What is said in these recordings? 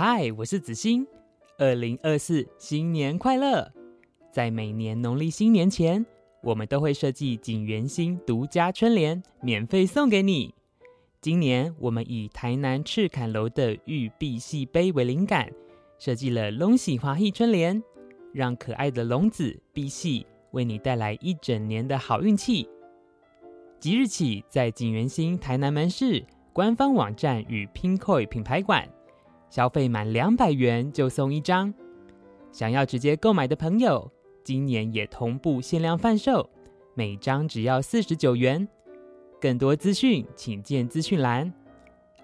嗨，Hi, 我是子欣。二零二四新年快樂！在每年農曆新年前，我們都會設計錦源興獨家春聯，免費送給你。今年我們以台南赤崁樓的御贔屭碑為靈感，設計了龍屭歡喜春聯，讓可愛的龍子贔屭為你帶來一整年的好運氣。即日起，在錦源興台南門市、官方網站與 Pinkoi 品牌館，消費滿兩百元就送一張，想要直接購買的朋友，今年也同步限量販售，每張只要四十九元。更多資訊請見資訊欄。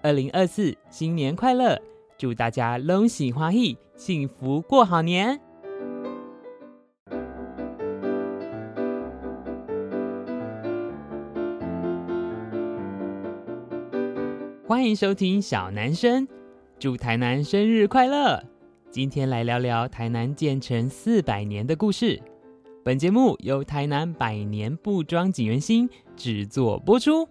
二零二四新年快樂，祝大家龍屭歡喜，幸福過好年。歡迎收聽小男生。祝台南生日快樂！今天來聊聊台南建成四百年的故事。本節目由台南百年布莊錦源興製作播出。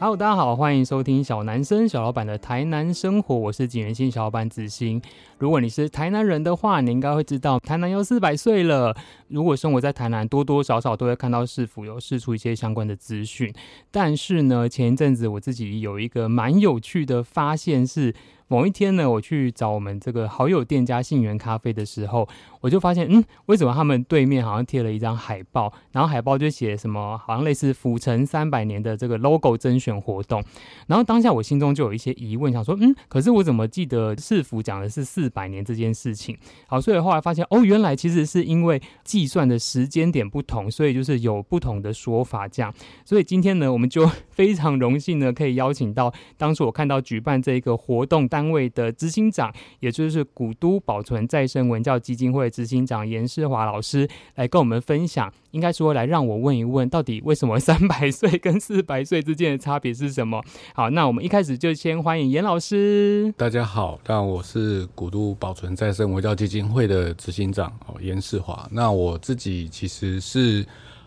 哈嘍大家好，歡迎收聽小男生小老闆的台南生活，我是錦源興小老闆子欣。如果你是台南人的話，你應該會知道台南要四百歲了。如果生活在台南，多多少少都會看到市府有釋出一些相關的資訊。但是呢，前一陣子我自己有一個蠻有趣的發現是，是某一天呢，我去找我們這個好友店家信源咖啡的時候。我就發現，嗯，為什麼他們對面好像貼了一張海報，然後海報就寫什麼，好像類似“府城三百年的”這個 logo 甄選活動。然後當下我心中就有一些疑問，想說，嗯，可是我怎麼記得市府講的是四百年這件事情？好，所以後來發現，哦，原來其實是因為計算的時間點不同，所以就是有不同的說法這樣。所以今天呢，我們就非常榮幸呢，可以邀請到當初我看到舉辦這個活動單位的執行長，也就是古都保存再生文教基金會。執行長顏世樺老師來跟我們分享，應該說來讓我問一問，到底為什麼三百歲跟四百歲之間的差別是什麼？好，那我們一開始就先歡迎顏老師。大家好，那我是古都保存再生文教基金會的執行長哦，顏世樺。那我自己其實是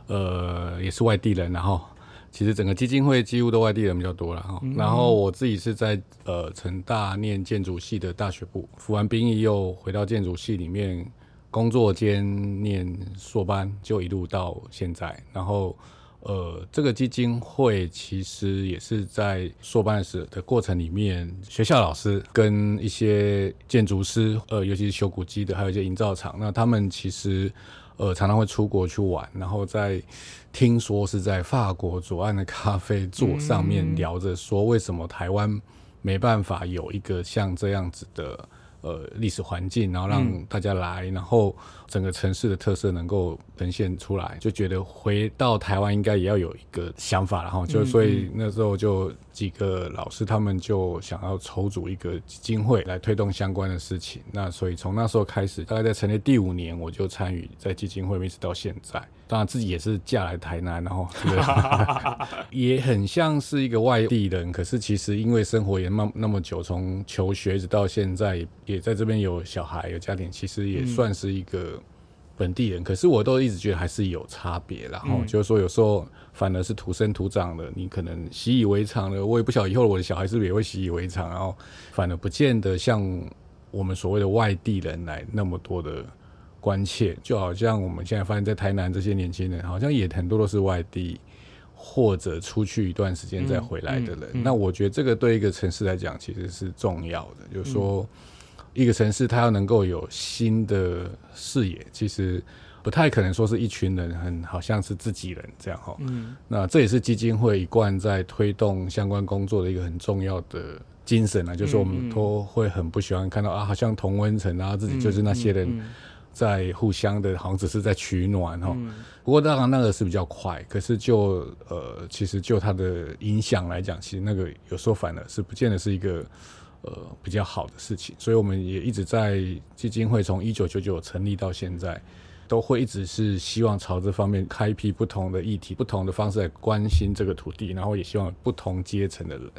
呃也是外地人，然後其實整個基金會幾乎都外地人比較多了，然後我自己是在呃成大念建築系的大學部，服完兵役又回到建築系裡面，工作兼念碩班，就一路到現在。然後，呃，這個基金會其實也是在碩班的時候的過程裡面，學校老師跟一些建築師，呃，尤其是修古蹟的，還有一些營造廠，那他們其實，呃，常常會出國去玩。然後在聽說是在法國左岸的咖啡座上面聊着說，為什麼台灣沒辦法有一個像這樣子的。呃，歷史環境，然後讓大家來，嗯、然後整個城市的特色能夠呈現出來，就覺得回到台灣應該也要有一個想法，然後、嗯嗯、就所以那時候就幾個老師他們就想要籌組一個基金會來推動相關的事情。那所以從那時候開始，大概在成立第五年，我就參與在基金會，一直到現在。當然自己也是嫁來台南，哦，然後 也很像是一個外地人。可是其實因為生活也那那麼久，從求學子到現在，也也在這邊有小孩有家庭，其實也算是一個本地人。嗯、可是我都一直覺得還是有差別。然後、嗯、就是說有時候反而是土生土長的，你可能習以為常了。我也不曉得以後我的小孩是不是也會習以為常，然後反而不見得像我們所謂的外地人來那麼多的關切，就好像我們現在發現在台南這些年輕人，好像也很多都是外地或者出去一段時間再回來的人。嗯嗯嗯、那我覺得這個對一個城市來講其實是重要的，嗯、就是說一個城市它要能夠有新的視野，其實不太可能說是一群人很好像是自己人這樣哈。嗯，那這也是基金會一貫在推動相關工作的一個很重要的精神啊，就是我們都會很不喜歡看到、嗯、啊，好像同溫層啊，自己就是那些人。嗯嗯嗯嗯在互相的，好像只是在取暖哈。嗯。不過當然那個是比較快，可是就呃，其實就它的影響來講，其實那個有說反而是不見得是一個呃比較好的事情。所以我們也一直在基金會從一九九九成立到現在，都會一直是希望朝這方面開闢不同的議題、不同的方式來關心這個土地，然後也希望不同階層的人。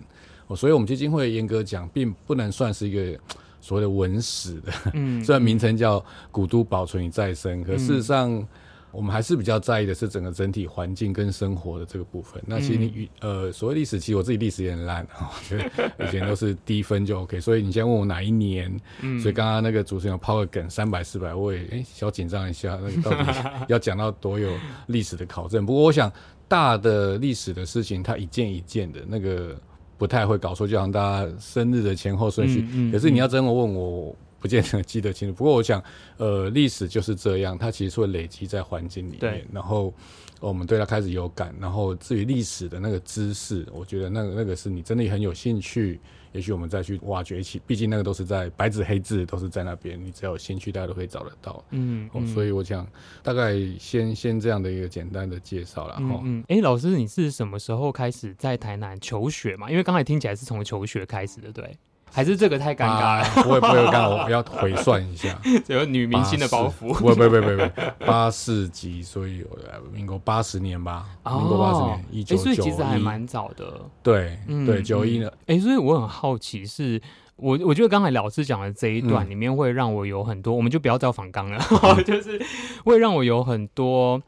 哦，所以我們基金會嚴格講，並不能算是一個。所謂的文史的，嗯、雖然名稱叫古都保存與再生，嗯、可事實上我們還是比較在意的是整個整體環境跟生活的這個部分。嗯、那其實你呃，所謂歷史，其實我自己歷史也很爛，我覺得以前都是低分就 OK。 所以你先問我哪一年？嗯、所以剛剛那個主持人有拋個梗，三百四百，400, 我也哎、欸、小緊張一下，那個、到底要講到多有歷史的考證？ 不過我想大的歷史的事情，它一件一件的那個。不太會搞錯，就像大家生日的前後順序。嗯嗯、可是你要真的問我，我不見得記得清楚。不過我想，呃，歷史就是這樣，它其實會累積在環境裡面，對然後我們對它開始有感。然後至於歷史的那個知識，我覺得那個、那個是你真的很有興趣。也許我們再去挖掘一起，畢竟那個都是在白紙黑字，都是在那邊，你只要有興趣，大家都可以找得到。嗯、嗯、哦，所以我想大概先先這樣的一個簡單的介紹了，嗯誒，哎、嗯吼欸，老師，你是什麼時候開始在台南求學嘛？因為剛才聽起來是從求學開始的，對。還是這個太尷尬了、啊，不會不會，剛我要回算一下，個 女明星的包袱84，不會不會不會，不不不不不，八四級所以有民國八十年吧，哦，民國八十年，一九九一，所以其實還蠻早的，對對，九一年，所以我很好奇是，是我我覺得剛才老師講的這一段裡面會讓我有很多，我們就不要叫訪綱了，嗯、 就是會讓我有很多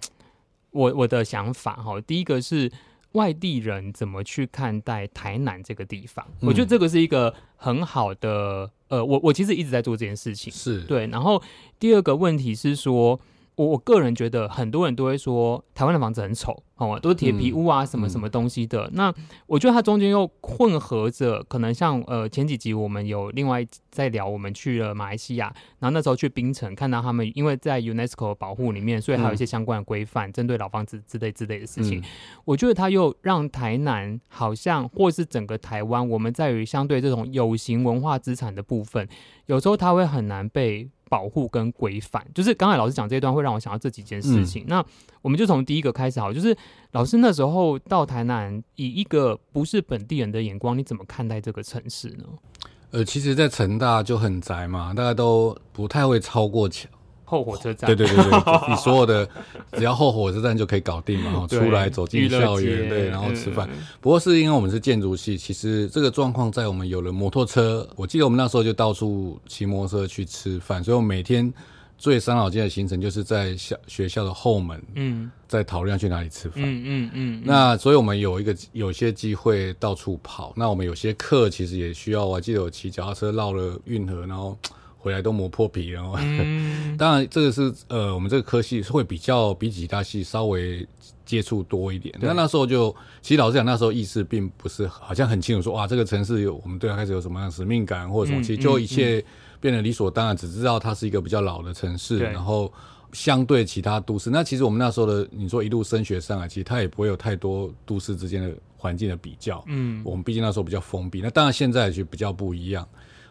我我的想法，哈，第一個是。外地人怎麼去看待台南這個地方？嗯，我覺得這個是一個很好的，呃，我我其實一直在做這件事情，是對。然後第二個問題是說。我我個人覺得，很多人都會說台灣的房子很醜，好嘛，都是鐵皮屋啊，什麼什麼東西的。嗯嗯、那我覺得它中間又混合着，可能像呃，前幾集我們有另外在聊，我們去了馬來西亞，然後那時候去檳城，看到他們因為在 UNESCO 的保護裡面，所以還有一些相關的規範，嗯、針對老房子之類之類的事情。嗯、我覺得它又讓台南好像，或是整個台灣，我們在於相對這種有形文化資產的部分，有時候它會很難被。保護跟規範，就是剛才老師講這一段會讓我想到這幾件事情。嗯、那我們就從第一個開始好，就是老師那時候到台南，以一個不是本地人的眼光，你怎麼看待這個城市呢？呃，其實，在成大就很宅嘛，大家都不太會超過後火車站。哦，對對對對， 你所有的只要後火車站就可以搞定嘛， 嗯、出來走進校園，對，對，然後吃飯。嗯、不過是因為我們是建築系，其實這個狀況在我們有了摩托車，我記得我們那時候就到處騎摩托車去吃飯，所以我每天最傷腦筋的行程就是在校學校的後門，嗯，在討論要去哪裡吃飯、嗯，嗯嗯嗯。嗯那所以我們有一個有一些機會到處跑，那我們有些課其實也需要、啊，我記得我騎腳踏車繞了運河，然後。回來都磨破皮了。嗯，當然這個是呃，我們這個科系是會比較比其他系稍微接觸多一點。那對那時候就其實老實講，那時候意識並不是好像很清楚說，說哇，這個城市有我們對它開始有什麼樣的使命感或者什麼，嗯、其實就一切變得理所當然，嗯嗯、只知道它是一個比較老的城市，對然後相對其他都市。那其實我們那時候的你說一路升學上來，其實它也不會有太多都市之間的環境的比較。嗯，我們畢竟那時候比較封閉。那當然現在就比較不一樣。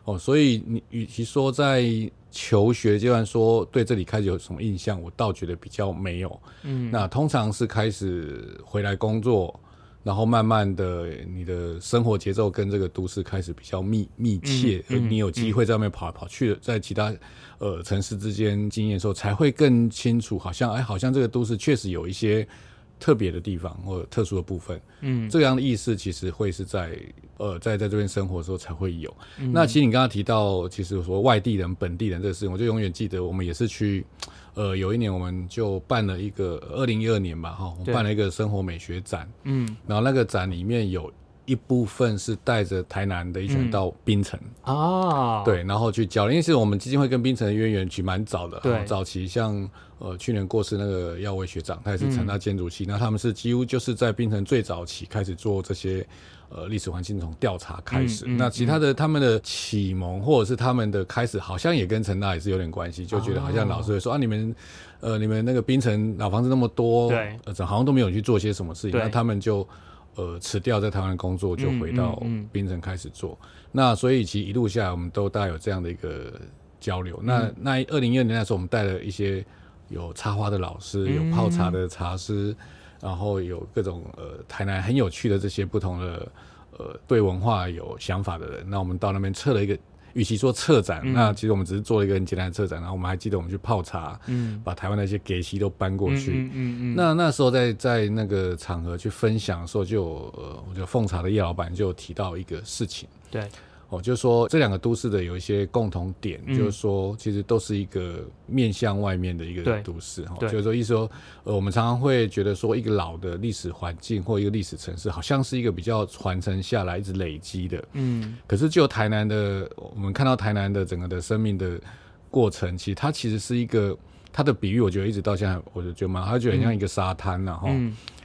哦，所以你與其說在求學階段說對這裡開始有什麼印象，我倒覺得比較沒有。嗯，那通常是開始回來工作，然後慢慢的你的生活節奏跟這個都市開始比較密密切，嗯嗯、你有機會在外面跑來跑去，在其他呃城市之間經驗的時候，才會更清楚，好像哎，好像這個都市確實有一些。特別的地方或者特殊的部分，嗯，這樣的意思其實會是在呃，在在這邊生活的時候才會有。嗯、那其實你剛剛提到，其實說外地人、本地人這個事情，我就永遠記得，我們也是去，呃，有一年我們就辦了一個二零一二年吧，哈、哦，我們辦了一個生活美學展，嗯，然後那個展裡面有。一部分是帶着台南的一群到檳城啊，嗯哦、對，然後去交流，因為是我們基金會跟檳城的淵源其實蠻早的，對，早期像呃去年過世那個耀威學長，他也是成大建築系，嗯、那他們是幾乎就是在檳城最早期開始做這些呃歷史環境，從調查開始，嗯嗯、那其他的他們的啟蒙、嗯、或者是他們的開始，好像也跟成大也是有點關係，就覺得好像老師會說、哦、啊，你們呃你們那個檳城老房子那麼多，對、呃，好像都沒有去做些什麼事情。對那他們就。呃，辭掉在台灣工作，就回到檳城開始做。嗯嗯嗯、那所以其實一路下來，我們都大概有這樣的一個交流。嗯、那那二零一二年那時候，我們帶了一些有插花的老師，有泡茶的茶師，嗯、然後有各種呃台南很有趣的這些不同的呃對文化有想法的人。那我們到那邊測了一個。與其說策展，嗯、那其實我們只是做了一個很簡單的策展，然後我們還記得我們去泡茶，嗯、把台灣那些給息都搬過去，嗯嗯嗯嗯、那那時候在在那個場合去分享的時候就，就呃，我覺得奉茶的葉老闆就提到一個事情，對。哦、就是說這兩個都市的有一些共同點，嗯、就是說其實都是一個面向外面的一個都市哈。就是說，意思說，呃，我們常常會覺得說，一個老的歷史環境或一個歷史城市，好像是一個比較傳承下來一直累積的。嗯。可是就台南的，我們看到台南的整個的生命的過程，其實它其實是一個它的比喻，我覺得一直到現在，我就覺得蠻好，覺得很像一個沙灘了哈。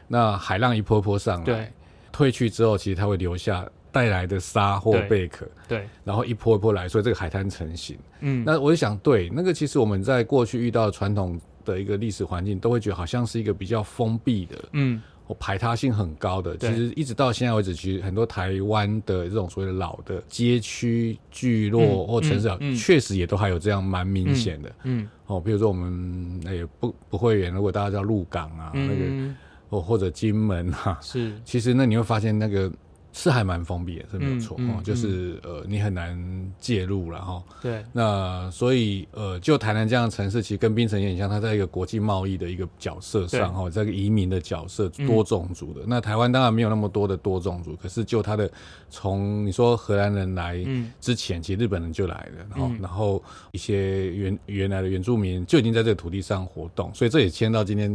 那海浪一波波上來，對退去之後，其實它會留下。帶來的沙或貝殼，對，然後一波一波來，所以這個海灘成型。嗯，那我就想，對，那個其實我們在過去遇到傳統的一個歷史環境，都會覺得好像是一個比較封閉的，嗯、喔，排他性很高的。對其實一直到現在為止，其實很多台灣的這種所謂的老的街區聚落或城市，嗯，確、嗯嗯、實也都還有這樣蠻明顯的嗯。嗯，哦、喔，比如說我們也、欸、不不會遠，如果大家叫鹿港啊，嗯、那個哦、喔，或者金門啊，是，其實那你會發現那個。是還蠻封閉的，是沒有錯哈、嗯嗯嗯哦，就是呃，你很難介入了哈。對。那所以呃，就台南這樣的城市，其實跟檳城也很像，它在一個國際貿易的一個角色上哈，在對一個移民的角色，多種族的。嗯、那台灣當然沒有那麼多的多種族，可是就它的從你說荷蘭人來之前，嗯、其實日本人就來了，然後、嗯、然後一些原原來的原住民就已經在這個土地上活動，所以這也牽到今天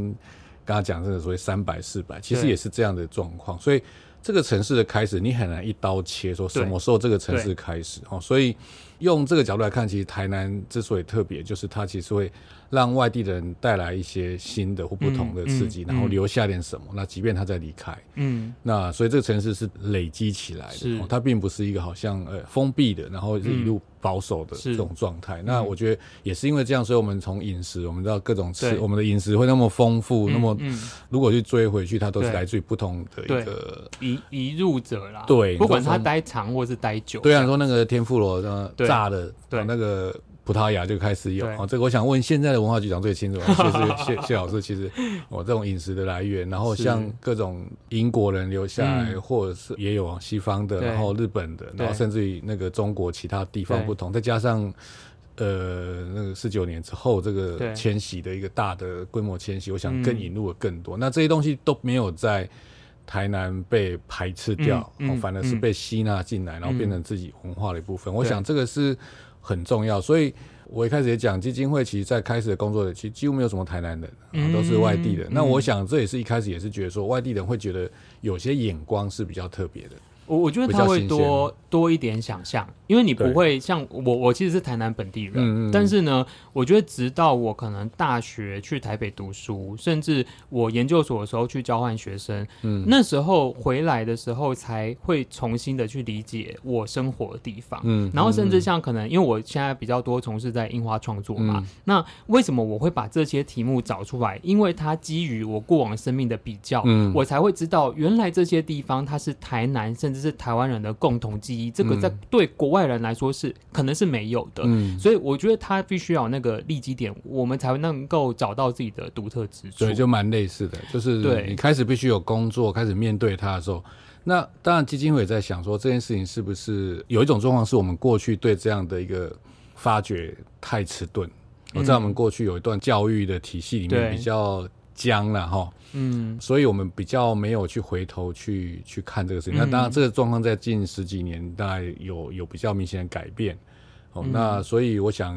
剛剛講這個所謂三百四百，400，其實也是這樣的狀況，對所以。這個城市的開始，你很難一刀切，說什麼時候這個城市開始哦，對，所以。用這個角度來看，其實台南之所以特別，就是它其實會讓外地人帶來一些新的或不同的刺激，然後留下點什麼。那即便他再離開，嗯，那所以這個城市是累積起來的，它並不是一個好像呃封閉的，然後是一路保守的這種狀態。那我覺得也是因為這樣，所以我們從飲食，我們知道各種吃，我們的飲食會那麼豐富，那麼如果去追回去，它都是來自於不同的一個移移入者啦。對，不管他待長或是待久。對啊，說那個天婦羅，呃，對。大的對，那個葡萄牙就開始有啊對、喔，這個我想問現在的文化局長最清楚，就對、喔、謝謝，謝謝老師。其實我、喔、這種飲食的來源，然後像各種英國人留下來，是或者是也有西方的，嗯、然後日本的，然後甚至於那個中國其他地方不同，對再加上呃那個四九年之後這個遷徙的一個大的規模遷徙，對我想更引入了更多。嗯、那這些東西都沒有在。台南被排斥掉，嗯嗯、反而是被吸納進來，嗯、然後變成自己文化的一部分。嗯、我想這個是很重要，所以我一開始也講基金會，其實在開始的工作，其實幾乎沒有什麼台南人，啊、都是外地人。嗯、那我想這也是一開始也是覺得說，外地人會覺得有些眼光是比較特別的。我我覺得他會多多一點想象因為你不會像我，對我，我其實是台南本地人，嗯嗯，但是呢，我覺得直到我可能大學去台北讀書，甚至我研究所的時候去交換學生，嗯，那時候回來的時候才會重新的去理解我生活的地方，嗯，嗯，嗯，然後甚至像可能因為我現在比較多從事在櫻花創作嘛，嗯、那為什麼我會把這些題目找出來？因為它基於我過往生命的比較，嗯、我才會知道原來這些地方它是台南甚。這是台灣人的共同記憶，這個在對國外人來說是、嗯、可能是沒有的，嗯、所以我覺得他必須要有那個立基點，我們才能夠找到自己的獨特之處。所以就蠻類似的，就是對你開始必須有工作，對開始面對他的時候，那當然基金會也在想說這件事情是不是有一種狀況，是我們過去對這樣的一個發掘太遲鈍。嗯、我在我們過去有一段教育的體系裡面比較。僵了哈，齁嗯，所以我們比較沒有去回頭去去看這個事情。嗯、那當然，這個狀況在近十幾年大概有有比較明顯的改變。哦，嗯、那所以我想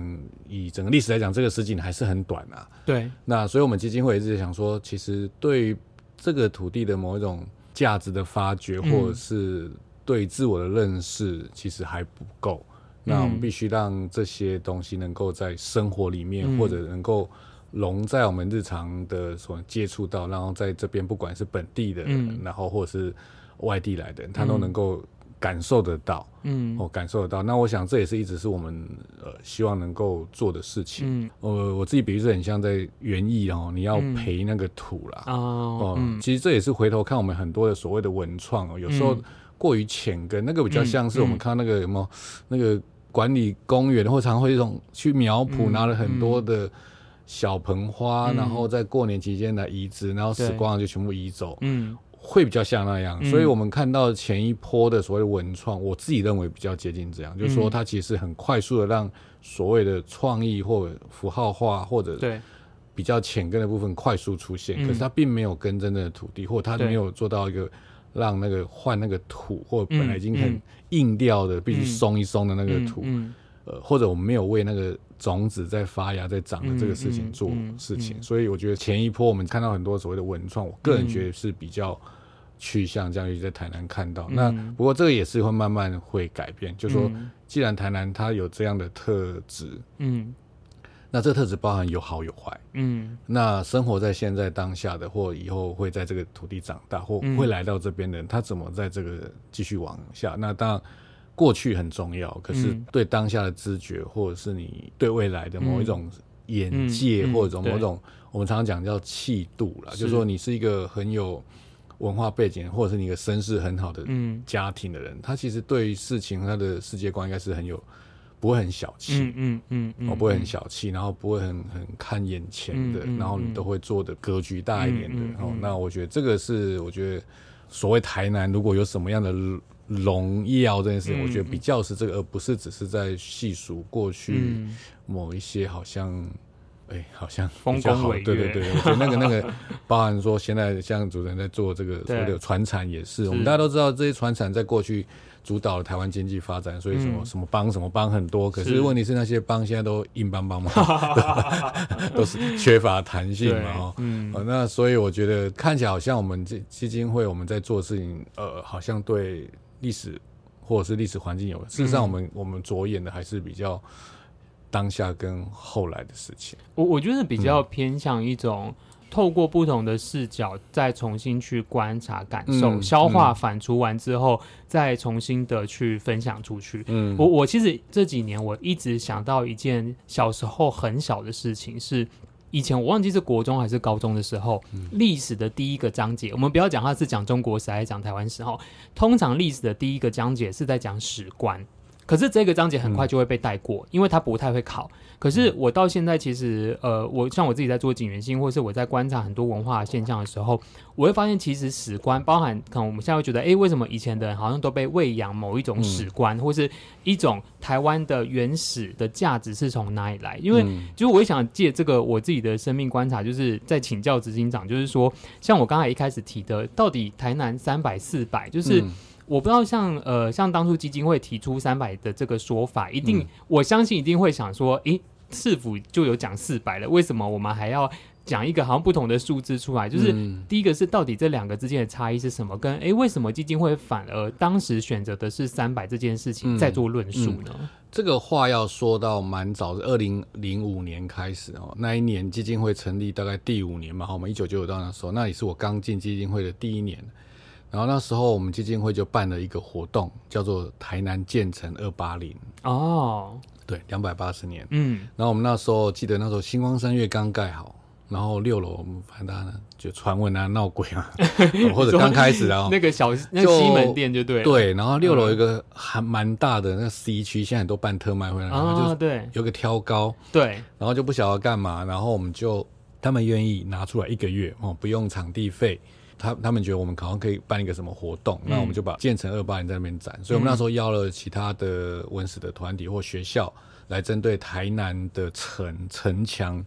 以整個歷史來講，這個十幾年還是很短啊。對。那所以我們基金會一直想說，其實對這個土地的某一種價值的發掘，嗯、或者是對自我的認識，其實還不夠。嗯、那我們必須讓這些東西能夠在生活裡面，嗯、或者能夠。龍在我們日常的所接觸到，然後在這邊不管是本地的人，嗯、然後或者是外地來的人，他都能夠感受得到，嗯，我、喔、感受得到。那我想這也是一直是我們呃希望能夠做的事情。嗯，我、呃、我自己比喻是很像在園藝哦，你要培那個土啦，嗯、哦，呃嗯、其實這也是回頭看我們很多的所謂的文創哦，有時候過於淺根，嗯、那個比較像是我們看那個什麼那個管理公園，或常常會一種去苗圃、嗯、拿了很多的。小盆花，嗯、然後在過年期間來移植，然後死光了就全部移走，嗯，會比較像那樣。嗯、所以，我們看到前一波的所謂的文創，嗯、我自己認為比較接近這樣，嗯、就是說它其實很快速的讓所謂的創意或符號化或者比較淺根的部分快速出現，對可是它並沒有跟真正的土地，或者它沒有做到一個讓那個換那個土對或者本來已經很硬掉的、嗯、必須鬆一鬆的那個土，嗯嗯嗯、呃，或者我們沒有為那個。種子在發芽，在長的這個事情做事情，嗯嗯嗯、所以我覺得前一波我們看到很多所謂的文創，嗯、我個人覺得是比較趨向將於在台南看到。嗯、那不過這個也是會慢慢會改變，嗯、就是說既然台南它有這樣的特質，嗯，那這個特質包含有好有壞，嗯，那生活在現在當下的或以後會在這個土地長大或會來到這邊的人，嗯、他怎麼在這個繼續往下？那當然。過去很重要，可是對當下的知覺，嗯、或者是你對未來的某一種眼界，嗯嗯嗯、或者是某種對我們常常講叫氣度啦。是就是說你是一個很有文化背景，或者是你的身世很好的家庭的人，嗯、他其實對於事情他的世界觀應該是很有，不會很小氣、嗯，嗯嗯，嗯哦，不會很小氣，然後不會很很看眼前的，嗯、然後你都會做的格局大一點的、嗯哦。那我覺得這個是，我覺得所謂台南如果有什麼樣的。農業這件事，我覺得比較是這個，而不是只是在細數過去某一些好像，哎，好像風風好對對對，我覺得那個那個，包含說現在像主持人在做這個，所有的傳產也是，我們大家都知道這些傳產在過去主導了台灣經濟發展，所以什麼什麼幫什麼幫很多，可是問題是那些幫現在都硬邦邦嘛，都是缺乏彈性嘛，嗯，那所以我覺得看起來好像我們這基金會我們在做事情，呃，好像對。歷史或者是歷史環境有關，事實上，我們、嗯、我們着眼的還是比較當下跟後來的事情。我我覺得比較偏向一種透過不同的視角，再重新去觀察、感受、嗯、消化、反芻完之後，再重新的去分享出去。嗯，我我其實這幾年我一直想到一件小時候很小的事情是。以前我忘記是國中還是高中的時候，嗯、歷史的第一個章節，我們不要講它是講中國史還是講台灣史哈，通常歷史的第一個章節是在講史觀。可是這個章節很快就會被帶過，嗯、因為他不太會考。可是我到現在其實，呃，我像我自己在做錦源興，或是我在觀察很多文化現象的時候，我會發現，其實史觀包含，可能我們現在會覺得，誒、欸，為什麼以前的人好像都被餵養某一種史觀，嗯、或是一種台灣的原始的價值是從哪裡來？因為、嗯、就是我也想借這個我自己的生命觀察，就是在請教執行長，就是說，像我剛才一開始提的，到底台南三百四百，就是。我不知道像呃像當初基金會提出三百的這個說法，一定，嗯、我相信一定會想說，誒市府就有講四百了，為什麼我們還要講一個好像不同的數字出來？就是、嗯、第一個是到底這兩個之間的差異是什麼？跟誒為什麼基金會反而當時選擇的是三百這件事情在、嗯、做論述呢、嗯？這個話要說到蠻早的，二零零五年開始哦，那一年基金會成立大概第五年嘛，我們一九九九到那時候，那也是我剛進基金會的第一年。然後那時候我們基金會就辦了一個活動，叫做“台南建成二八零”。哦，對，兩百八十年。嗯，然後我們那時候記得那時候新光三越剛蓋好，然後六樓我們反正就傳聞啊鬧鬼啊， 說或者剛開始啊， 那個小那西門店就對對，然後六樓一個還蠻大的那 C 區，現在很多辦特賣會然後、oh, 就對，有個挑高對，然後就不曉得幹嘛，然後我們就他們願意拿出來一個月哦，不用場地費。他他們覺得我們可能可以辦一個什麼活動，嗯、那我們就把建成二八年在那邊展。嗯、所以，我們那時候邀了其他的文史的團體或學校來針對台南的城城牆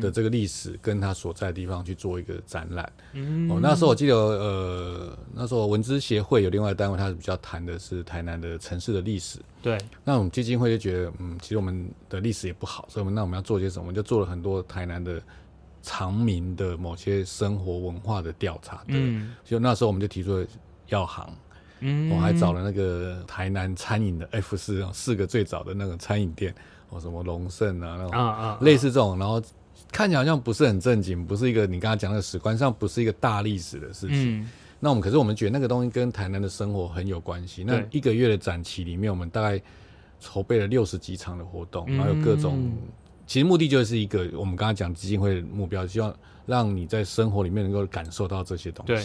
的這個歷史跟它所在的地方去做一個展覽。嗯、哦，那時候我記得，呃，那時候文資協會有另外一個單位，它是比較談的是台南的城市的歷史。對。那我們基金會就覺得，嗯，其實我們的歷史也不好，所以，我們那我們要做些什麼？我們就做了很多台南的。常民的某些生活文化的調查，對對嗯、所以那時候我們就提出了藥行，嗯，我還找了那個台南餐飲的 F4 四個最早的那個餐飲店，哦，什麼龍盛啊，那種類似這種，然後看起來好像不是很正經，不是一個你剛才講的史觀上不是一個大歷史的事情，嗯、那我們可是我們覺得那個東西跟台南的生活很有關係。那一個月的展期裡面，我們大概籌備了六十幾場的活動，然後有各種。其實目的就是一個，我們剛剛講的基金會的目標，希望讓你在生活裡面能夠感受到這些東西。對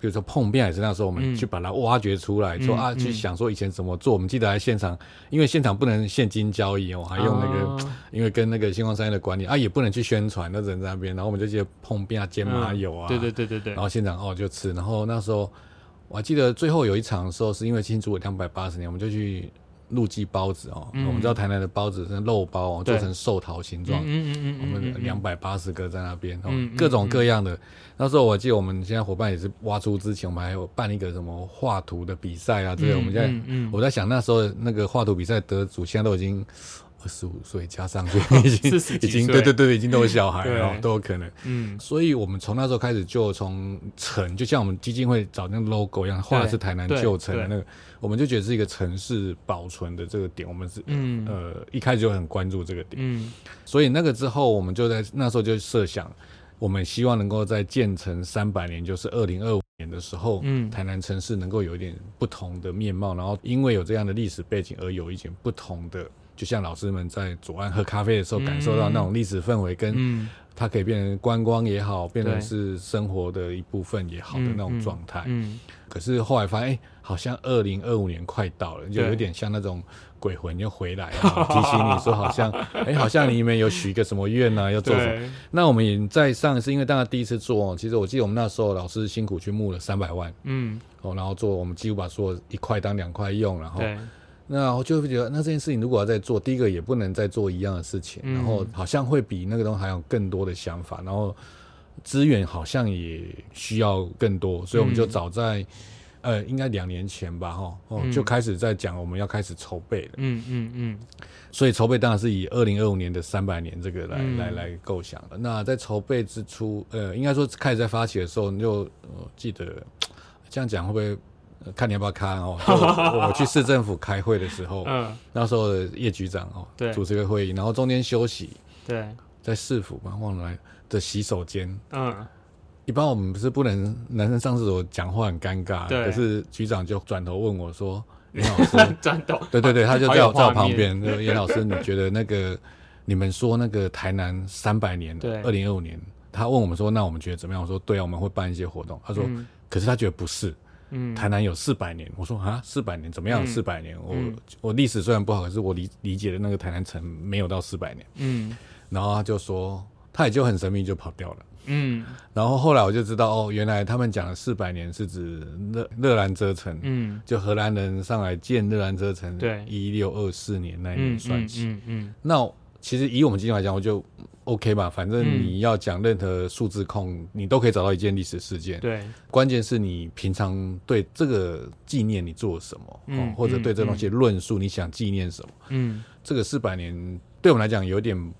比如說椪餅也是那時候，我們去把它挖掘出來，說、嗯、啊，嗯、去想說以前怎麼做。嗯、我們記得在現場，嗯、因為現場不能現金交易哦，我還用那個，哦、因為跟那個新光商業的管理啊，也不能去宣傳，那人在那邊，然後我們就去椪餅啊，煎麻油啊，對對對對對，然後現場哦就吃。然後那時候，我還記得最後有一場的時候，是因為慶祝兩百八十年，我們就去。陸記包子哦，嗯、我們知道台南的包子是肉包哦，對做成壽桃形狀。嗯嗯嗯、我們兩百八十個在那邊，嗯嗯嗯嗯、各種各樣的。嗯嗯嗯、那時候我記得我們現在夥伴也是挖出之前，我們還有辦一個什麼畫圖的比賽啊。這個、嗯嗯嗯、我們現在，我在想那時候那個畫圖比賽得主，現在都已經。二十五歲加上去，已經 四十幾歲 已經對對對，已經都有小孩了，都有可能。嗯，所以我們從那時候開始就從城，就像我們基金會找那個 logo 一樣，畫的是台南舊城的那個，我們就覺得是一個城市保存的這個點，我們是嗯呃一開始就很關注這個點。嗯，所以那個之後，我們就在那時候就設想，我們希望能夠在建成三百年，就是二零二五年的時候，嗯，台南城市能夠有一點不同的面貌，然後因為有這樣的歷史背景而有一點不同的。就像老師們在左岸喝咖啡的時候，感受到那種歷史氛圍，跟它可以變成觀光也好，嗯嗯、變成是生活的一部分也好，的那種狀態、嗯。嗯，嗯可是後來發現，哎、欸，好像二零二五年快到了，就有點像那種鬼魂又回來了對提醒你說，好像，哎、 欸，好像你們有許一個什麼願呢、啊？ 要做什麼？對那我們也在上一次，因為大家第一次做，其實我記得我們那時候老師辛苦去募了三百萬，嗯、哦，然後做我們幾乎把所有一塊當兩塊用，然後。那我就會覺得，那這件事情如果要再做，第一個也不能再做一樣的事情，嗯、然後好像會比那個東西還有更多的想法，然後資源好像也需要更多，所以我們就早在、嗯、呃，應該兩年前吧，哈，哦、嗯，就開始在講我們要開始籌備了，嗯嗯嗯，所以籌備當然是以二零二五年的三百年這個來來來，來構想的。嗯嗯，那在籌備之初，呃，應該說開始在發起的時候，你就、呃、記得這樣講會不會？看你要不要看哦。就我去市政府開會的時候，那時候葉局長哦，對，主持個會議，然後中間休息，對，在市府嘛，往來的洗手間。嗯，一般我們不是不能男生上廁所講話很尷尬，對。可是局長就轉頭問我說：“嚴老師，對對對，他就在我在我旁邊，說嚴老師，你覺得那個你們說那個台南三百年，對，二零二五年，他問我們說，那我們覺得怎麼樣？我說對啊，我們會辦一些活動。他說，可是他覺得不是。”嗯，台南有四百年，我說啊，四百年怎麼樣？四百年，我我歷史雖然不好，可是我理理解的那個台南城沒有到四百年。嗯，然後他就說，他也就很神秘就跑掉了。嗯，然後後來我就知道哦，原來他們講的四百年是指熱熱蘭遮城，嗯，就荷蘭人上來建熱蘭遮城，對，一六二四年那一年算起。嗯嗯，嗯嗯嗯那。其實以我們今天來講，我就 OK 吧。反正你要講任何數字控，嗯、你都可以找到一件歷史事件。對，關鍵是你平常對這個紀念你做什麼，嗯嗯，或者對這東西的論述你想紀念什麼。嗯，這個四百年對我們來講有點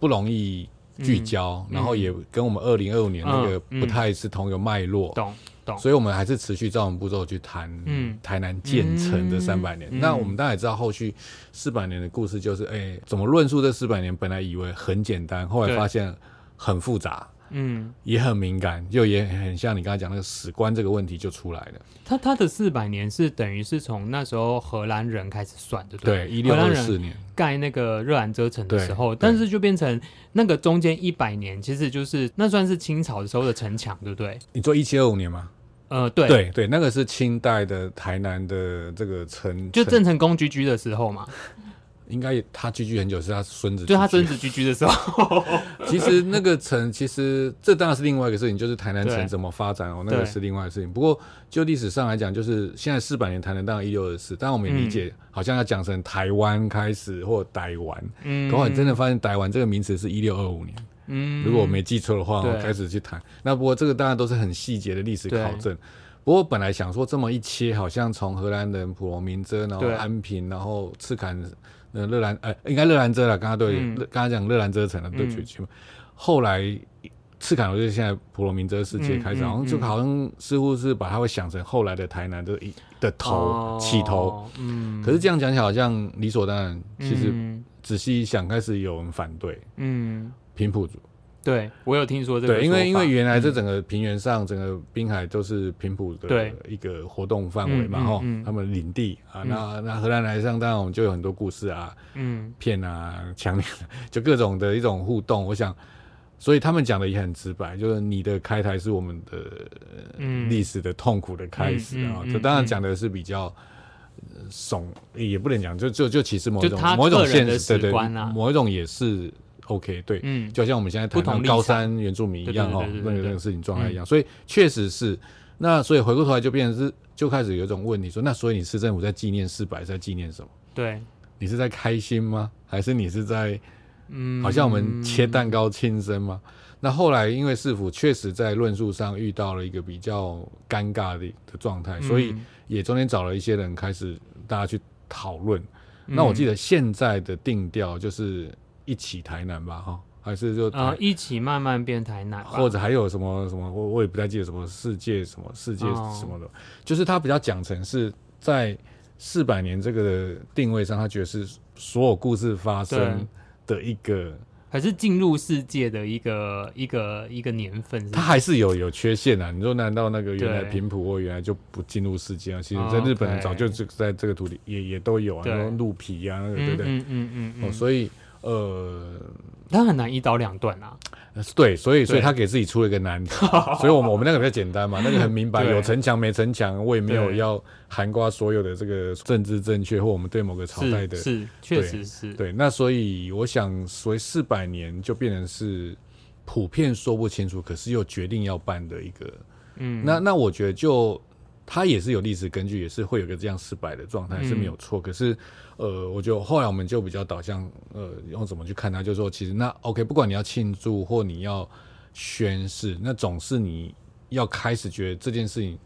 不容易聚焦，嗯，然後也跟我們二零二五年那個不太是同一個脈絡。嗯嗯，懂。所以，我們還是持續照我們步驟去談，嗯，台南建成的三百年。嗯嗯嗯、那我們當然也知道，後續四百年的故事就是，哎、欸，怎麼論述這四百年？本來以為很簡單，後來發現很複雜，嗯對，也很敏感，就、嗯、也很像你剛才講那個史觀這個問題就出來了。他他的四百年是等於是從那時候荷蘭人開始算的，對不對？對，一六二四年蓋那個熱蘭遮城的時候，但是就變成那個中間一百年，其實就是那算是清朝的時候的城牆，對不對？你做一七二五年嗎？呃，對對，對，那個是清代的台南的這個城，就鄭成功居居的時候嘛，應該也他居居很久，是他孫子，就他孫子居居的時候。其實那個城，其實這當然是另外一個事情，就是台南城怎麼發展哦，對那個是另外的事情。不過就歷史上來講，就是現在四百年台南當然一六二四，但我們也理解、嗯、好像要講成台灣開始或台灣，剛好、嗯、你真的發現台灣這個名詞是一六二五年。如果我沒記錯的話，我開始去談。那不過這個當然都是很細節的歷史考證。不過本來想說這麼一切，好像從荷蘭人普羅明遮，然後安平，然後赤坎，那熱蘭，呃，應該熱蘭遮了。剛剛對，剛剛講熱蘭遮城的都舉出嘛。後來赤坎，我覺得現在普羅明遮世界開始，好像就好像似乎是把它會想成後來的台南的的頭起頭。嗯，可是這樣講起來好像理所當然。其實仔細一想，開始有人反對。嗯。平埔族，對我有聽說這個，對，因為因為原來這整個平原上，整個濱海都是平埔的一個活動範圍嘛，哈，他們領地啊，那那荷蘭來上，當然我們就有很多故事啊，嗯，騙啊，強，就各種的一種互動，我想，所以他們講的也很直白，就是你的開台是我們的歷史的痛苦的開始啊，這當然講的是比較慫，也不能講，就就就其實某種某種現實觀啊，某一種也是。OK，對，嗯，就像我們現在談高山原住民一樣哦，那個那個事情狀態一樣，嗯、所以確實是那，所以回過頭來就變成是就開始有一種問你說，那所以你市政府在紀念四百，在紀念什麼？對，你是在開心嗎？還是你是在嗯，好像我們切蛋糕慶生嗎？嗯、那後來因為市府確實在論述上遇到了一個比較尷尬的的狀態，嗯、所以也中間找了一些人開始大家去討論。嗯、那我記得現在的定調就是。一起台南吧，哈，還是就啊、呃，一起慢慢變台南。或者還有什麼什麼，我我也不太記得什麼世界什麼世界什麼的，哦、就是他比較講成是在四百年這個的定位上，他覺得是所有故事發生的一個，還是進入世界的一個一個一個年份是是。他還是有有缺陷的、啊。你說難道那個原來平埔或原來就不進入世界啊？其實在日本人早就就在這個土地也、哦 okay、也都有啊，什麼對鹿皮啊、那個，對不對？嗯嗯嗯,嗯,嗯所以。呃，他很難一刀兩斷啊。對，所以對所以他給自己出了一個難題。 所以，我們我們那個比較簡單嘛， 那個很明白， 對有城牆沒城牆，我也沒有要涵蓋所有的這個政治正確或我們對某個朝代的。是，確實是對。對，那所以我想，所以四百年就變成是普遍說不清楚，可是又決定要辦的一個。嗯，那那我覺得就他也是有歷史根據，也是會有個這樣四百的狀態、嗯、是沒有錯，可是。呃，我就後來我們就比較導向，呃，用怎麼去看它？就說其實那 OK，不管你要慶祝或你要宣誓，那總是你要開始覺得這件事情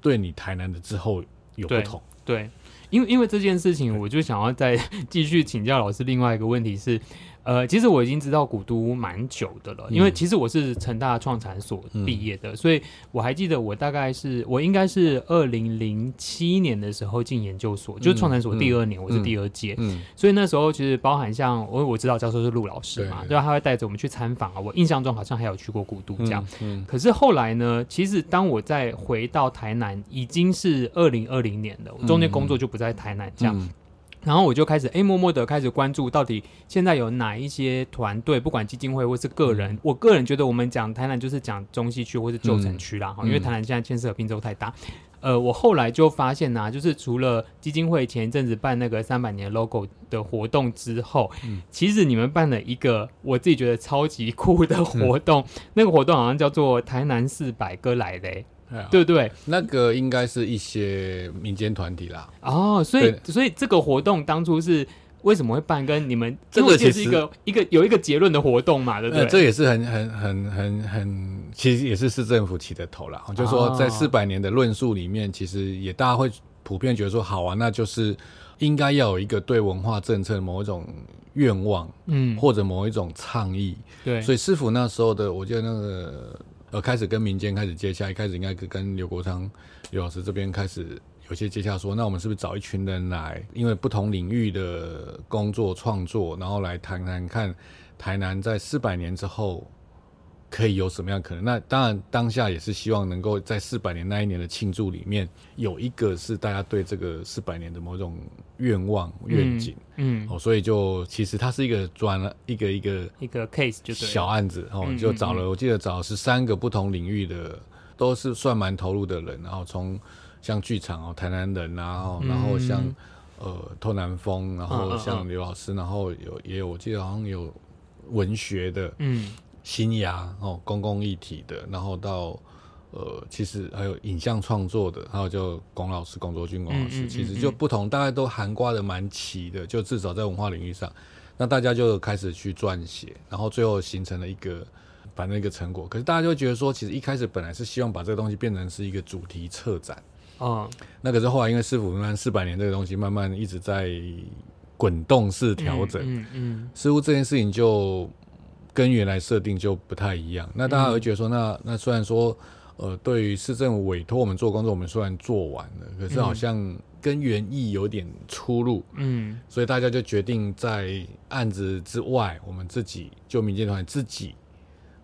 對你台南的之後有不同。對，對，因為因為這件事情，我就想要再繼續請教老師，另外一個問題是。呃，其實我已經知道古都蠻久的了，因為其實我是成大創產所畢業的，嗯、所以我還記得我大概是，我應該是二零零七年的時候進研究所，嗯、就是創產所第二年，嗯、我是第二屆，嗯，嗯，所以那時候其實包含像我我知道教授是陸老師嘛，對吧？他會帶着我們去參訪啊，我印象中好像還有去過古都這樣，嗯、嗯、可是後來呢，其實當我再回到台南，已經是二零二零年了，我中間工作就不在台南這樣。然後我就開始哎，默默的開始關注到底現在有哪一些團隊，不管基金會或是個人。嗯、我個人覺得，我們講台南就是講中西區或是舊城區啦，嗯、因為台南現在牽涉的比州太大。呃，我後來就發現吶、啊，就是除了基金會前一陣子辦那個三百年的 Logo 的活動之後，嗯、其實你們辦了一個我自己覺得超級酷的活動，嗯、那個活動好像叫做台南四百哥來了。對不、啊、對，對。那個應該是一些民間團體啦。哦，所以對所以這個活動當初是為什麼會辦？跟你們這其實是一個實一個有一個結論的活動嘛？對不對？呃、這也是很很很很很，其實也是市政府起的頭啦。就是、說在四百年的論述裡面，哦、其實也大家會普遍覺得說，好啊，那就是應該要有一個對文化政策某一種願望，嗯，或者某一種倡議。對，所以市府那時候的，我覺得那個。呃，開始跟民間開始接洽，一開始應該跟劉國昌、劉老師這邊開始有些接洽，說那我們是不是找一群人來，因為不同領域的工作創作，然後來談談看台南在四百年之後，可以有什麼樣可能？那當然，當下也是希望能夠在四百年那一年的慶祝裡面有一個是大家對這個四百年的某種願望願景，嗯。嗯，哦，所以就其實它是一個轉了一個一個一個 case 就小案子，哦，就找了，我記得找十三個不同領域的，嗯嗯、都是算蠻投入的人，然後從像劇場哦，台南人啊，然後像、嗯、呃透南風，然後像劉老師，然後有也有我記得好像有文學的，嗯。新芽哦，公共議題的，然後到呃，其實還有影像創作的，還有就龔老師、龔卓軍龔老師，嗯嗯嗯、其實就不同，大概都涵蓋的蠻齊的，就至少在文化領域上，那大家就開始去撰寫，然後最後形成了一個反正一個成果。可是大家就覺得說，其實一開始本來是希望把這個東西變成是一個主題策展啊，哦、那可是後來因為市府那四百年這個東西，慢慢一直在滾動式調整，嗯嗯，嗯嗯似乎這件事情就。跟原來設定就不太一樣，那大家會覺得說那，那、嗯、那雖然說，呃，對於市政府委托我們做工作，我們雖然做完了，可是好像跟原意有點出入，嗯，所以大家就決定在案子之外，我們自己就民間團自己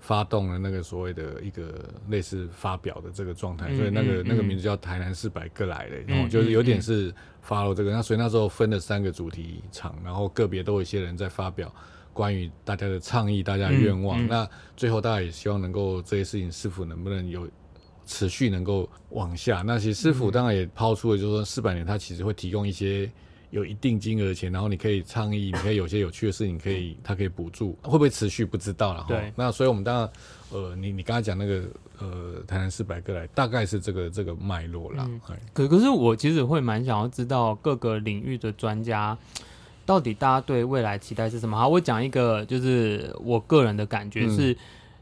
發動了那個所謂的一個類似發表的這個狀態，嗯、所以那個、嗯、那個名字叫“台南四百個來了”、嗯嗯、就是有點是發了這個，那所以那時候分了三個主題場，然後個別都有一些人在發表。關於大家的倡議、大家的願望，嗯嗯、那最後大家也希望能夠這些事情市府能不能有持續能夠往下？那其實市府當然也拋出了，就是說四百年他其實會提供一些有一定金額的錢，然後你可以倡議，你可以有些有趣的事情，可以、嗯、他可以補助，會不會持續不知道了哈。然後對，那所以我們當然呃，你你剛才講那個呃，台南四百個來，大概是這個這個脈絡了。可、嗯、嘿可是我其實會蠻想要知道各個領域的專家。到底大家對未來期待是什麼？好，我講一個，就是我個人的感覺是，嗯、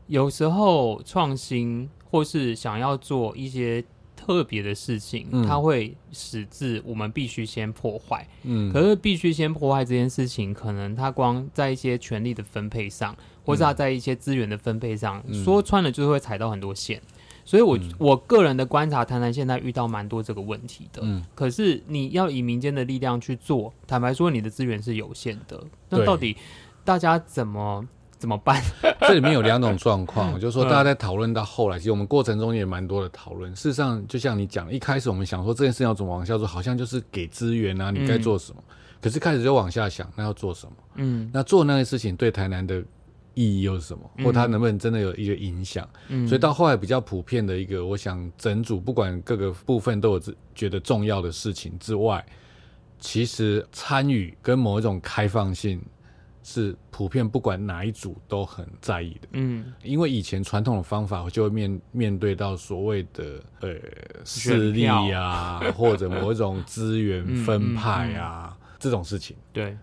有時候創新或是想要做一些特別的事情，嗯、它會使致我們必須先破壞。嗯，可是必須先破壞這件事情，可能它光在一些權力的分配上，或是它在一些資源的分配上，嗯、說穿了就是會踩到很多線。所以我，我、嗯、我個人的觀察，台南現在遇到蠻多這個問題的。嗯。可是，你要以民間的力量去做，坦白說，你的資源是有限的。對那到底大家怎麼怎麼辦？這裡面有兩種狀況， 就是說，大家在討論到後來，嗯、其實我們過程中也蠻多的討論。事實上，就像你講，一開始我們想說這件事情要怎麼往下做，好像就是給資源啊，你該做什麼。嗯、可是開始就往下想，那要做什麼？嗯。那做那個事情對台南的。意義又是什麼？嗯，或他能不能真的有一個影響？嗯，所以到後來比較普遍的一個，我想整組不管各個部分都有覺得重要的事情之外，其實參與跟某一種開放性是普遍不管哪一組都很在意的。嗯，因為以前傳統的方法就會面面對到所謂的呃勢力啊，或者某一種資源分派啊，嗯嗯嗯嗯，這種事情。對。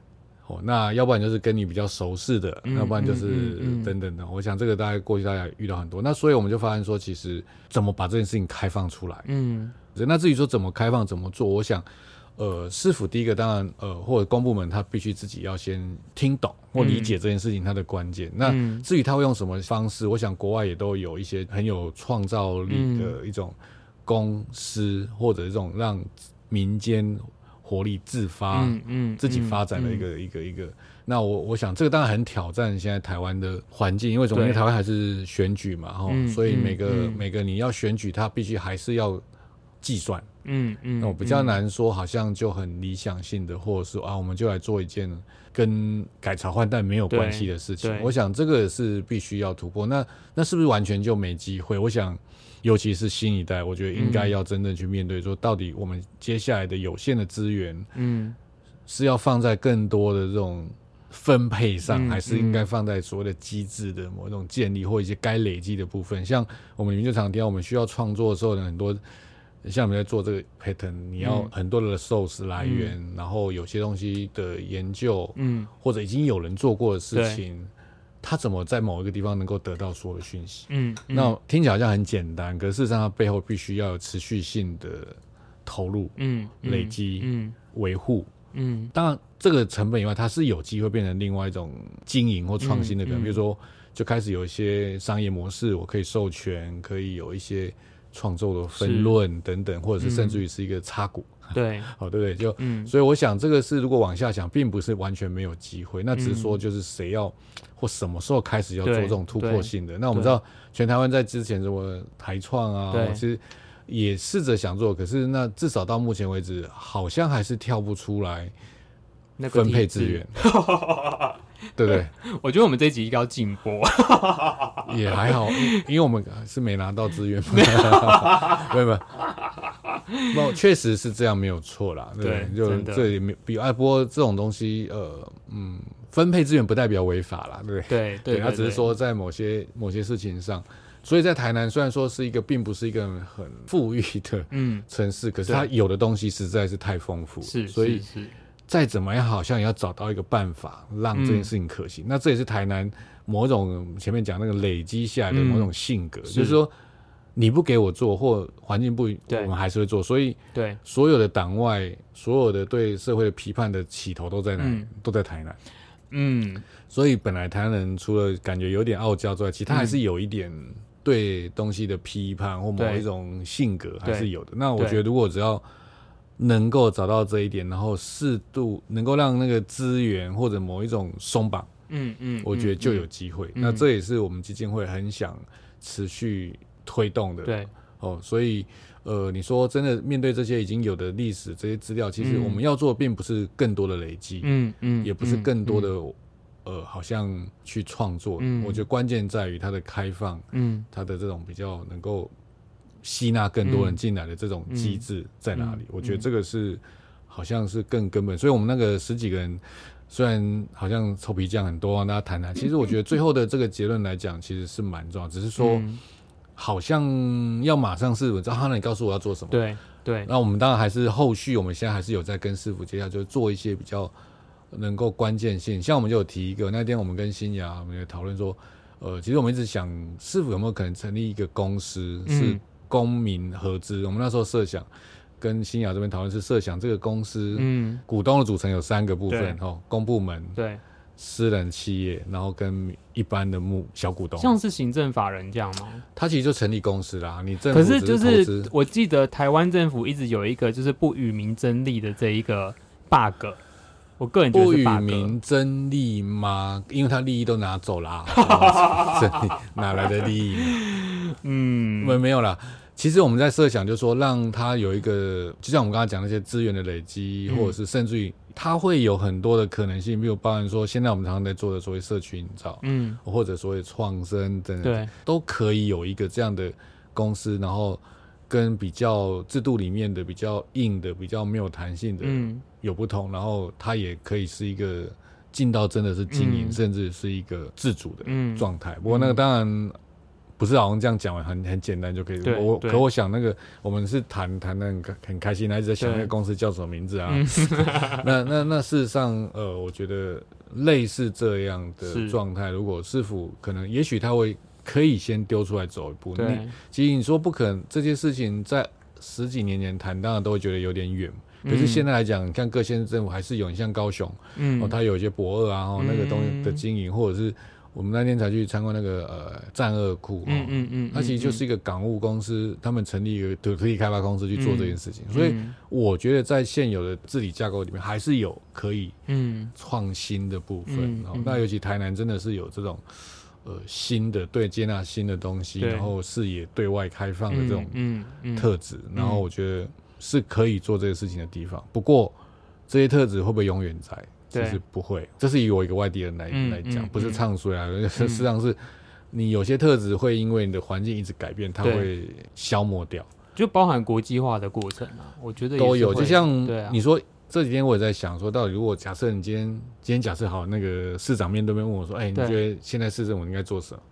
哦，那要不然就是跟你比較熟識的，嗯、要不然就是、嗯嗯嗯、等等的。我想這個大概過去大家遇到很多，那所以我們就發現說，其實怎麼把這件事情開放出來，嗯，那至於說怎麼開放怎麼做，我想，呃，市府第一個當然，呃，或者公部門他必須自己要先聽懂、嗯、或理解這件事情它的關鍵。嗯、那至於他會用什麼方式，我想國外也都有一些很有創造力的一種公司、嗯、或者這種讓民間。活力自發，嗯，嗯嗯自己發展的一個一個一個。嗯、那我我想，這個當然很挑戰現在台灣的環境，為什麼？對因為總歸台灣還是選舉嘛，哈、嗯，所以每個、嗯、每個你要選舉，它必須還是要計算，嗯嗯。那、嗯、我、哦、比較難說，好像就很理想性的，或者是啊，我們就來做一件。跟改朝換代沒有關係的事情，我想這個是必須要突破。那那是不是完全就沒機會？我想，尤其是新一代，我覺得應該要真正去面對說，說、嗯、到底我們接下來的有限的資源，嗯，是要放在更多的這種分配上，嗯、還是應該放在所謂的機制的某一種建立，或一些該累積的部分？嗯、像我們雲秀場，提我們需要創作的時候的很多。像你像我們在做這個 pattern，你要很多的 source 來源，嗯、然後有些東西的研究，嗯，或者已經有人做過的事情，他對怎麼在某一個地方能夠得到所有的訊息，嗯？嗯，那聽起來好像很簡單，可是事實上它背後必須要有持續性的投入，嗯，累積，嗯，維護積、嗯，嗯，護嗯，當然這個成本以外，它是有機會變成另外一種經營或創新的可能，嗯嗯、比如說就開始有一些商業模式，我可以授權，可以有一些。創作的分論等等，嗯、或者是甚至於是一個插股，對，好，對不對？就，嗯、所以我想，這個是如果往下想，並不是完全沒有機會，那只是說，就是誰要、嗯、或什麼時候開始要做這種突破性的？那我們知道，對全台灣在之前什麼台創啊，對其實也試着想做，可是那至少到目前為止，好像還是跳不出來，分配資源。 對不對、嗯？我覺得我們這一集應該要禁播。 也還好，因為我們是沒拿到資源嘛。對不？不，確實是這樣，沒有錯啦。對，對，對就這比愛播這種東西，呃，嗯，分配資源不代表違法啦，對不對？對對，對，對對，他只是說在某些某些事情上，所以在台南雖然說是一個並不是一個很富裕的嗯城市，嗯、可是它有的東西實在是太豐富，是所以是，是，是。再怎麼樣，好像也要找到一個辦法，讓這件事情可行。嗯、那這也是台南某種前面講那個累積下來的某種性格，嗯、是就是說你不給我做，或環境不，對我們還是會做。所以，對所有的黨外，對所有的對社會的批判的起頭都在哪裡？嗯、都在台南。嗯，所以本來台南人除了感覺有點傲嬌之外，其他還是有一點對東西的批判或某一種性格還是有的。那我覺得，如果只要。能夠找到這一點，然後適度能夠讓那個資源或者某一種鬆綁、嗯，嗯嗯，我覺得就有機會。嗯、那這也是我們基金會很想持續推動的。對、嗯、哦，所以呃，你說真的面對這些已經有的歷史、這些資料，其實我們要做的並不是更多的累積、嗯，嗯嗯，也不是更多的、嗯、呃，好像去創作。嗯、我覺得關鍵在於它的開放，嗯，它的這種比較能夠。吸納更多人進來的這種機制在哪裡？嗯嗯嗯、我覺得這個是好像是更根本，所以我們那個十幾個人雖然好像臭皮匠很多、啊，大家談談。其實我覺得最後的這個結論來講，其實是蠻重要，只是說好像要馬上是，我知道那你告訴我要做什麼。對對。對那我們當然還是後續，我們現在還是有在跟師傅接洽，就做一些比較能夠關鍵性。像我們就有提一個那天我們跟新芽，我們也討論說，呃，其實我們一直想師傅有沒有可能成立一個公司是、嗯。公民合資，我們那時候設想跟新雅這邊討論是設想這個公司，嗯，股東的組成有三個部分哦，公對部門、對私人企業，然後跟一般的木小股東，像是行政法人這樣嗎？他其實就成立公司啦。你政府是可是就是我記得台灣政府一直有一個就是不與民爭利的這一個 bug，我個人覺得，不與民爭利嗎？因為他利益都拿走啦。哪、 啊、哪來的利益？ 嗯，沒沒有啦。其實我們在設想，就是說讓他有一個，就像我們剛才講那些資源的累積，嗯、或者是甚至於他會有很多的可能性，比如包含說現在我們常常在做的所謂社區營造，嗯，或者所謂創生等等，對都可以有一個這樣的公司，然後跟比較制度裡面的比較硬的、比較沒有彈性的有不同，嗯、然後它也可以是一個進到真的是經營，嗯、甚至是一個自主的狀態。嗯、不過那個當然。嗯不是好像這樣講，很很簡單就可以。對我可我想那個對我們是談談的很很開心，一直在想那個公司叫什麼名字啊？對 那那那事實上，呃，我覺得類似這樣的狀態，是如果市府可能，也許他會可以先丟出來走一步對你。其實你說不可能，這件事情在十幾年前談，當然都會覺得有點遠。嗯、可是現在來講，你看各縣政府還是有，像高雄，嗯，他、哦、有一些駁二啊，然、哦、那個東西的經營，嗯、或者是。我們那天才去參觀那個呃棧貳庫、哦嗯，嗯嗯，它其實就是一個港務公司，嗯嗯、他們成立一個獨立開發公司去做這件事情，嗯、所以我覺得在現有的治理架構裡面還是有可以創新的部分。那尤其台南真的是有這種呃新的對接納新的東西，對然後視野對外開放的這種特質，嗯嗯嗯、然後我覺得是可以做這個事情的地方。嗯、不過這些特質會不會永遠在？其實不會，這是以我一個外地人來來講，不是唱衰啊。實際上是你有些特質會因為你的環境一直改變，它會消磨掉。就包含國際化的過程啊，我覺得都有。就像你說，這幾天我也在想，說到底如果假設你今天今天假設好那個市長面對面問我說：“哎，你覺得現在市政府應該做什麼？”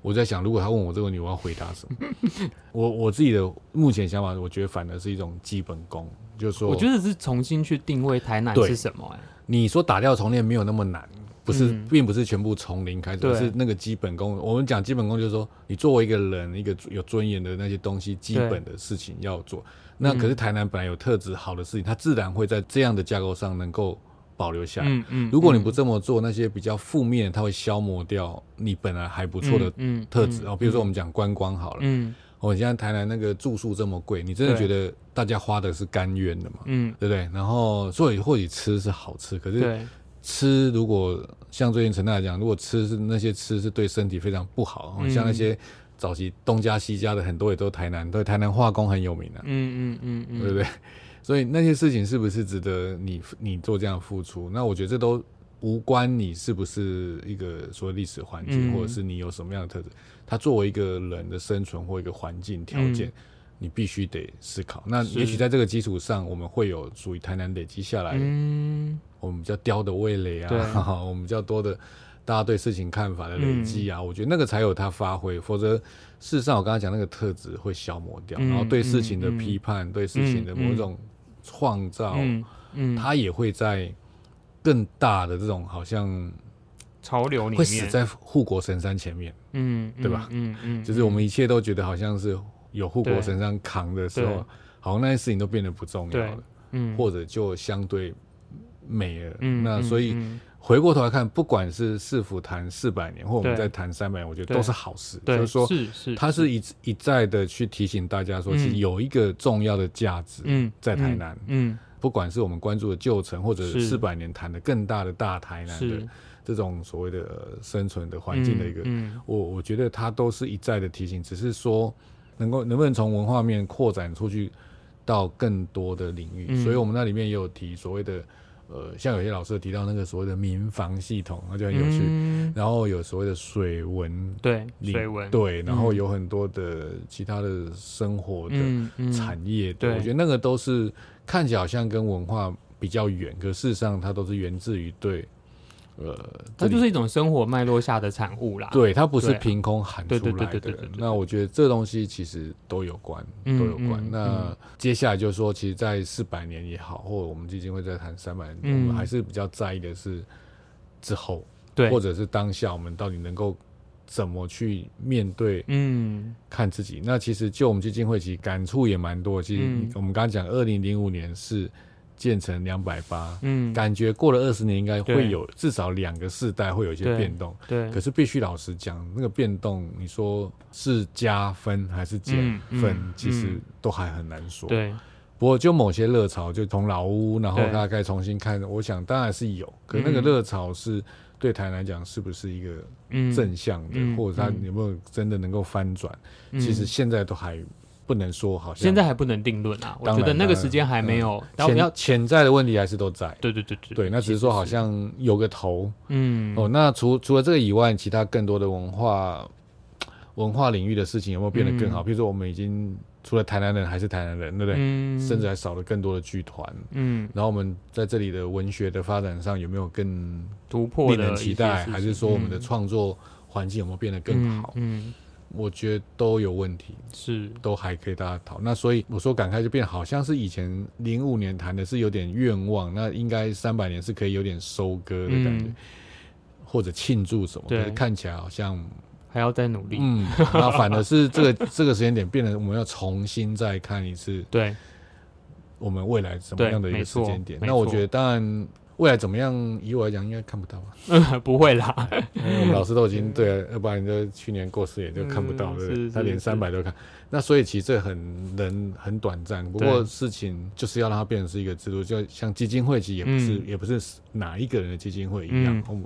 我在想，如果他問我這個問題，我要回答什麼？我我自己的目前想法，我覺得反而是一種基本功，就是說，我覺得是重新去定位台南是什麼。你說打掉重練沒有那麼難，不是，嗯、並不是全部從零開始，嗯啊、是那個基本功。我們講基本功，就是說你作為一個人，一個有尊嚴的那些東西，基本的事情要做。對那可是台南本來有特質好的事情，它自然會在這樣的架構上能夠保留下來。嗯，嗯如果你不這麼做，那些比較負面，它會消磨掉你本來還不錯的特質。嗯嗯、哦，比如說我們講觀光好了。嗯嗯我現在台南那個住宿這麼貴，你真的覺得大家花的是甘願的嘛？嗯對，對不對？然後所以或許吃是好吃，可是吃如果像最近成大講，如果吃是那些吃是對身體非常不好，嗯、像那些早期東家西家的很多也都是台南，都台南化工很有名的、啊嗯，嗯嗯嗯對不對？所以那些事情是不是值得你你做這樣的付出？那我覺得這都無關你是不是一個所謂歷史環境，嗯、或者是你有什麼樣的特質。他作為一個人的生存或一個環境條件，嗯、你必須得思考。那也許在這個基礎上，我們會有屬於台南累積下來，我們比較刁的味蕾啊，我們比較多的大家對事情看法的累積啊，嗯、我覺得那個才有它發揮。否則，事實上我剛才講那個特質會消磨掉，嗯、然後對事情的批判、嗯、對事情的某一種創造，嗯嗯、它也會在更大的這種好像潮流裡面會死在護國神山前面。嗯，對吧？嗯嗯，就是我們一切都覺得好像是有護國神上扛的時候，好像那些事情都變得不重要了。嗯，或者就相對沒了。嗯，那所以回過頭來看，不管是市府談四百年，或我們再談三百年，我覺得都是好事。就是說，是是，他是一一再的去提醒大家說，其實有一個重要的價值在台南。嗯，不管是我們關注的舊城，或者四百年談的更大的大台南的。這種所謂的、呃、生存的環境的一個，嗯嗯、我我覺得它都是一再的提醒，只是說能夠能不能從文化面擴展出去到更多的領域。嗯、所以，我們那裡面也有提所謂的，呃，像有些老師提到那個所謂的民防系統，那就很有趣。嗯、然後有所謂的水文，對水文，對，然後有很多的其他的生活的產業，嗯嗯、對，對我覺得那個都是看起來好像跟文化比較遠，可事實上它都是源自於對。呃，它就是一種生活脈絡下的產物啦。對，它不是憑空喊出來的。對對對對對對。那我覺得這東西其實都有關，嗯、都有關。嗯、那接下來就是說，其實，在四百年也好，或者我們基金會在談三百年，我們、嗯、還是比較在意的是之後，對，或者是當下，我們到底能夠怎麼去面對？嗯，看自己。嗯、那其實就我們基金會其實感觸也蠻多。其實我們剛剛講，二零零五年是。建成兩百八，嗯，感覺過了二十年應該會有至少兩個世代會有一些變動，對。對對可是必須老實講，那個變動你說是加分還是減分，嗯嗯嗯、其實都還很難說。對。不過就某些熱潮，就從老屋，然後大概重新看，對我想當然是有。可是那個熱潮是對臺南來講是不是一個正向的，嗯嗯、或者他有沒有真的能夠翻轉？嗯、其實現在都還。不能說，好像現在還不能定論啊，我覺得那個時間還沒有。潛在的問題還是都在。對對對對。對，那只是說好像有個頭，嗯。哦，那除除了這個以外，其他更多的文化文化領域的事情有沒有變得更好？譬如說，我們已經除了台南人還是台南人，對不對？甚至還少了更多的劇團，嗯。然後我們在這裡的文學的發展上有沒有更突破？令人期待，還是說我們的創作環境有沒有變得更好？嗯。我覺得都有問題，是都還可以大家討那，所以我說感慨就變，好像是以前零五年談的是有點願望，那應該三百年是可以有點收割的感覺，嗯、或者慶祝什麼？對，是看起來好像還要再努力。嗯，那反而是這個 這個時間點變了，我們要重新再看一次，對，我們未來什麼樣的一個時間點？那我覺得當然。未來怎麼樣？以我來講，應該看不到吧？嗯、不會啦。我們老師都已經對、啊，要 不然你這去年過世也就看不到，嗯、對吧他連三百都看。那所以其實這很人很短暫。不過事情就是要讓它變成是一個制度，對就像基金會其實也不是、嗯、也不是哪一個人的基金會一樣。我們、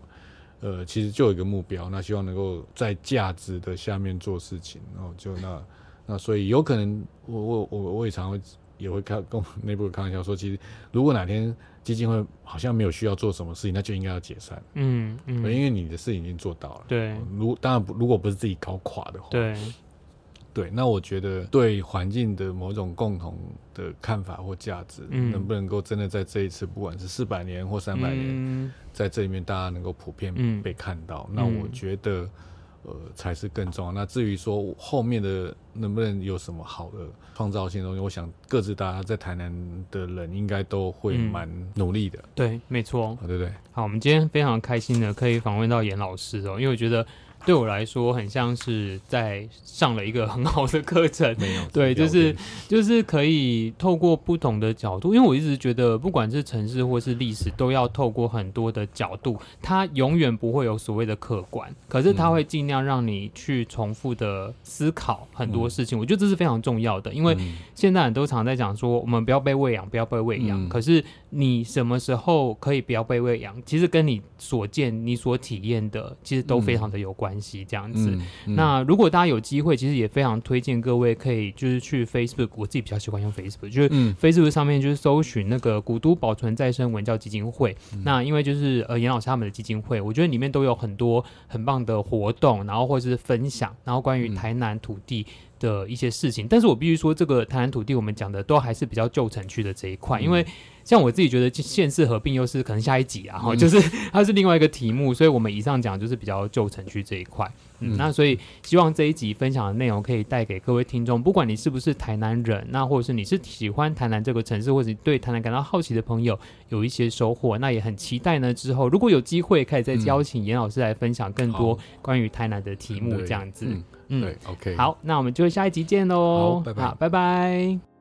嗯、呃其實就有一個目標，那希望能夠在價值的下面做事情，然、喔、後就那 那所以有可能我我我我也常會也會看跟我內部開玩笑說，其實如果哪天。基金會好像沒有需要做什麼事情，那就應該要解散。嗯嗯，嗯因為你的事情已經做到了。對，如當然，如果不是自己搞垮的話。對。對，那我覺得對環境的某種共同的看法或價值，嗯、能不能夠真的在這一次，不管是四百年或三百年，嗯、在這裡面大家能夠普遍被看到？嗯、那我覺得。呃，才是更重要。那至於說我後面的能不能有什麼好的創造性的東西，我想各自大家在台南的人應該都會蠻努力的。嗯嗯、對，沒錯、哦。對對，對。好，我們今天非常開心的可以訪問到顏老師哦，因為我覺得。對我來說，很像是在上了一個很好的課程。沒有，對，就是就是可以透過不同的角度，因為我一直覺得，不管是城市或是歷史，都要透過很多的角度，它永遠不會有所謂的客觀，可是它會盡量讓你去重複的思考很多事情。嗯、我覺得這是非常重要的，因為現在很多常在講說，我們不要被餵養，不要被餵養。嗯、可是你什麼時候可以不要被餵養？其實跟你所見、你所體驗的，其實都非常的有關係。這樣子，嗯嗯、那如果大家有機會，其實也非常推薦各位可以就是去 Facebook。我自己比較喜歡用 Facebook，就是 Facebook 上面就是搜尋那個古都保存再生文教基金會。嗯、那因為就是呃，顏老師他們的基金會，我覺得裡面都有很多很棒的活動，然後或者是分享，然後關於台南土地的一些事情。嗯、但是我必須說，這個台南土地我們講的都還是比較舊城區的這一塊，嗯、因為。像我自己覺得縣市合併又是可能下一集啊，嗯、就是它是另外一個題目，所以我們以上講就是比較舊城區這一塊。嗯，嗯那所以希望這一集分享的內容可以帶給各位聽眾，不管你是不是台南人，那或者是你是喜歡台南這個城市，或者是對台南感到好奇的朋友，有一些收穫。那也很期待呢，之後如果有機會，可以再邀請顏老師來分享更多關於台南的題目，嗯、這樣子。對嗯，對，OK。好，那我們就下一集見嘍，好，拜拜，拜拜。